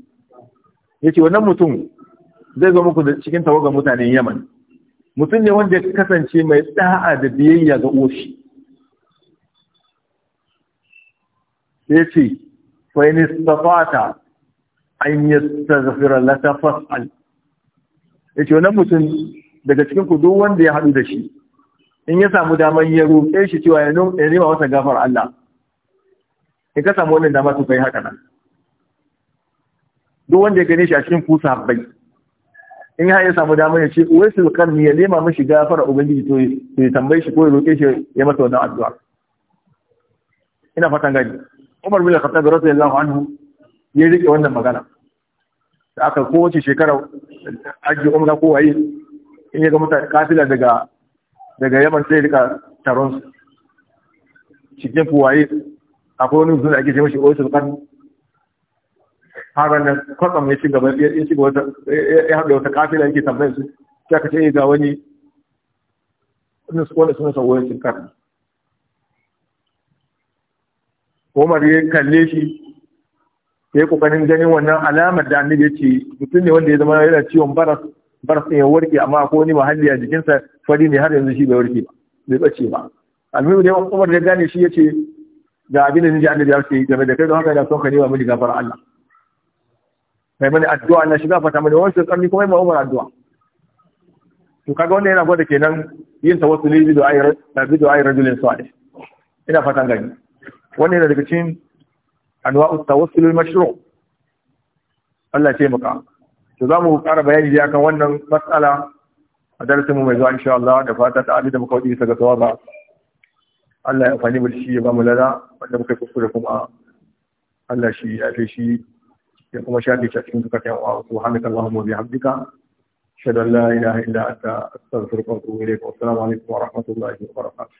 A: ya ce wannan mutum zai zo muku da cikin ga mutanen yaman mutum ne wanda ya kasance mai ɗa'a da biyayya ga oshi ya ce fa in istafata an latafas al. fas'al ce, wannan mutum daga cikin ku duk wanda ya haɗu da shi in ya samu damar ya roƙe shi cewa ya nema wata gafar Allah in ka samu wannan dama su kai haka nan duk wanda ya gane shi a cikin kusa bai in ya iya samu damar ya ce uwaisul karni ya nema mishi gafara ubangiji to ya tambaye shi ko ya roƙe shi ya mata wannan addu'a ina fatan gani Umar bin Khattab radiyallahu anhu ya rike wannan magana da aka kowace shekara ajiye umra ko waye in ya ga mutane kafila daga daga Yaman sai rika taron su cikin kuwaye akwai wani zuwa ake ce mishi su kan har nan kwatsam ya shiga ya shiga wata ya haɗa wata kafila yake tambayar su sai aka ce eh, ga wani wanda suna sauwayin sun karni Umar ya kalle shi ya yi kokarin ganin wannan alamar da annabi ce mutum ne wanda ya zama yana ciwon baras baras ɗin ya warke amma ko wani mahalli a jikinsa fari ne har yanzu shi bai warke ba bai ɓace ba almuhimu dai Umar ya gane shi ya ce ga abin da ni ji annabi ya ce game da kai don haka ina son ka nema mini gafara Allah kai mani addu'a na shiga fata mani wasu karni kuma ma umar addu'a to kaga wanda yana gwada kenan yin ta wasu du'ai bi du'ai rajulin salih ina fatan gani wannan yana daga cikin usta, wasu al mashiro. Allah ce maka to za mu ƙara bayani dai akan wannan matsala a darasin mu mai zuwa insha Allah da fatan ta abin da muka wuce daga ba. Allah ya amfani mu da shi ya ba mu lada wanda muka kuskure kuma Allah shi ya fi shi sai kuma shafe shi a cikin zukatan wa subhanaka allahumma wa bihamdika ashhadu an la ilaha illa anta
B: astaghfiruka wa atubu ilayk wa assalamu alaikum wa rahmatullahi wa barakatuh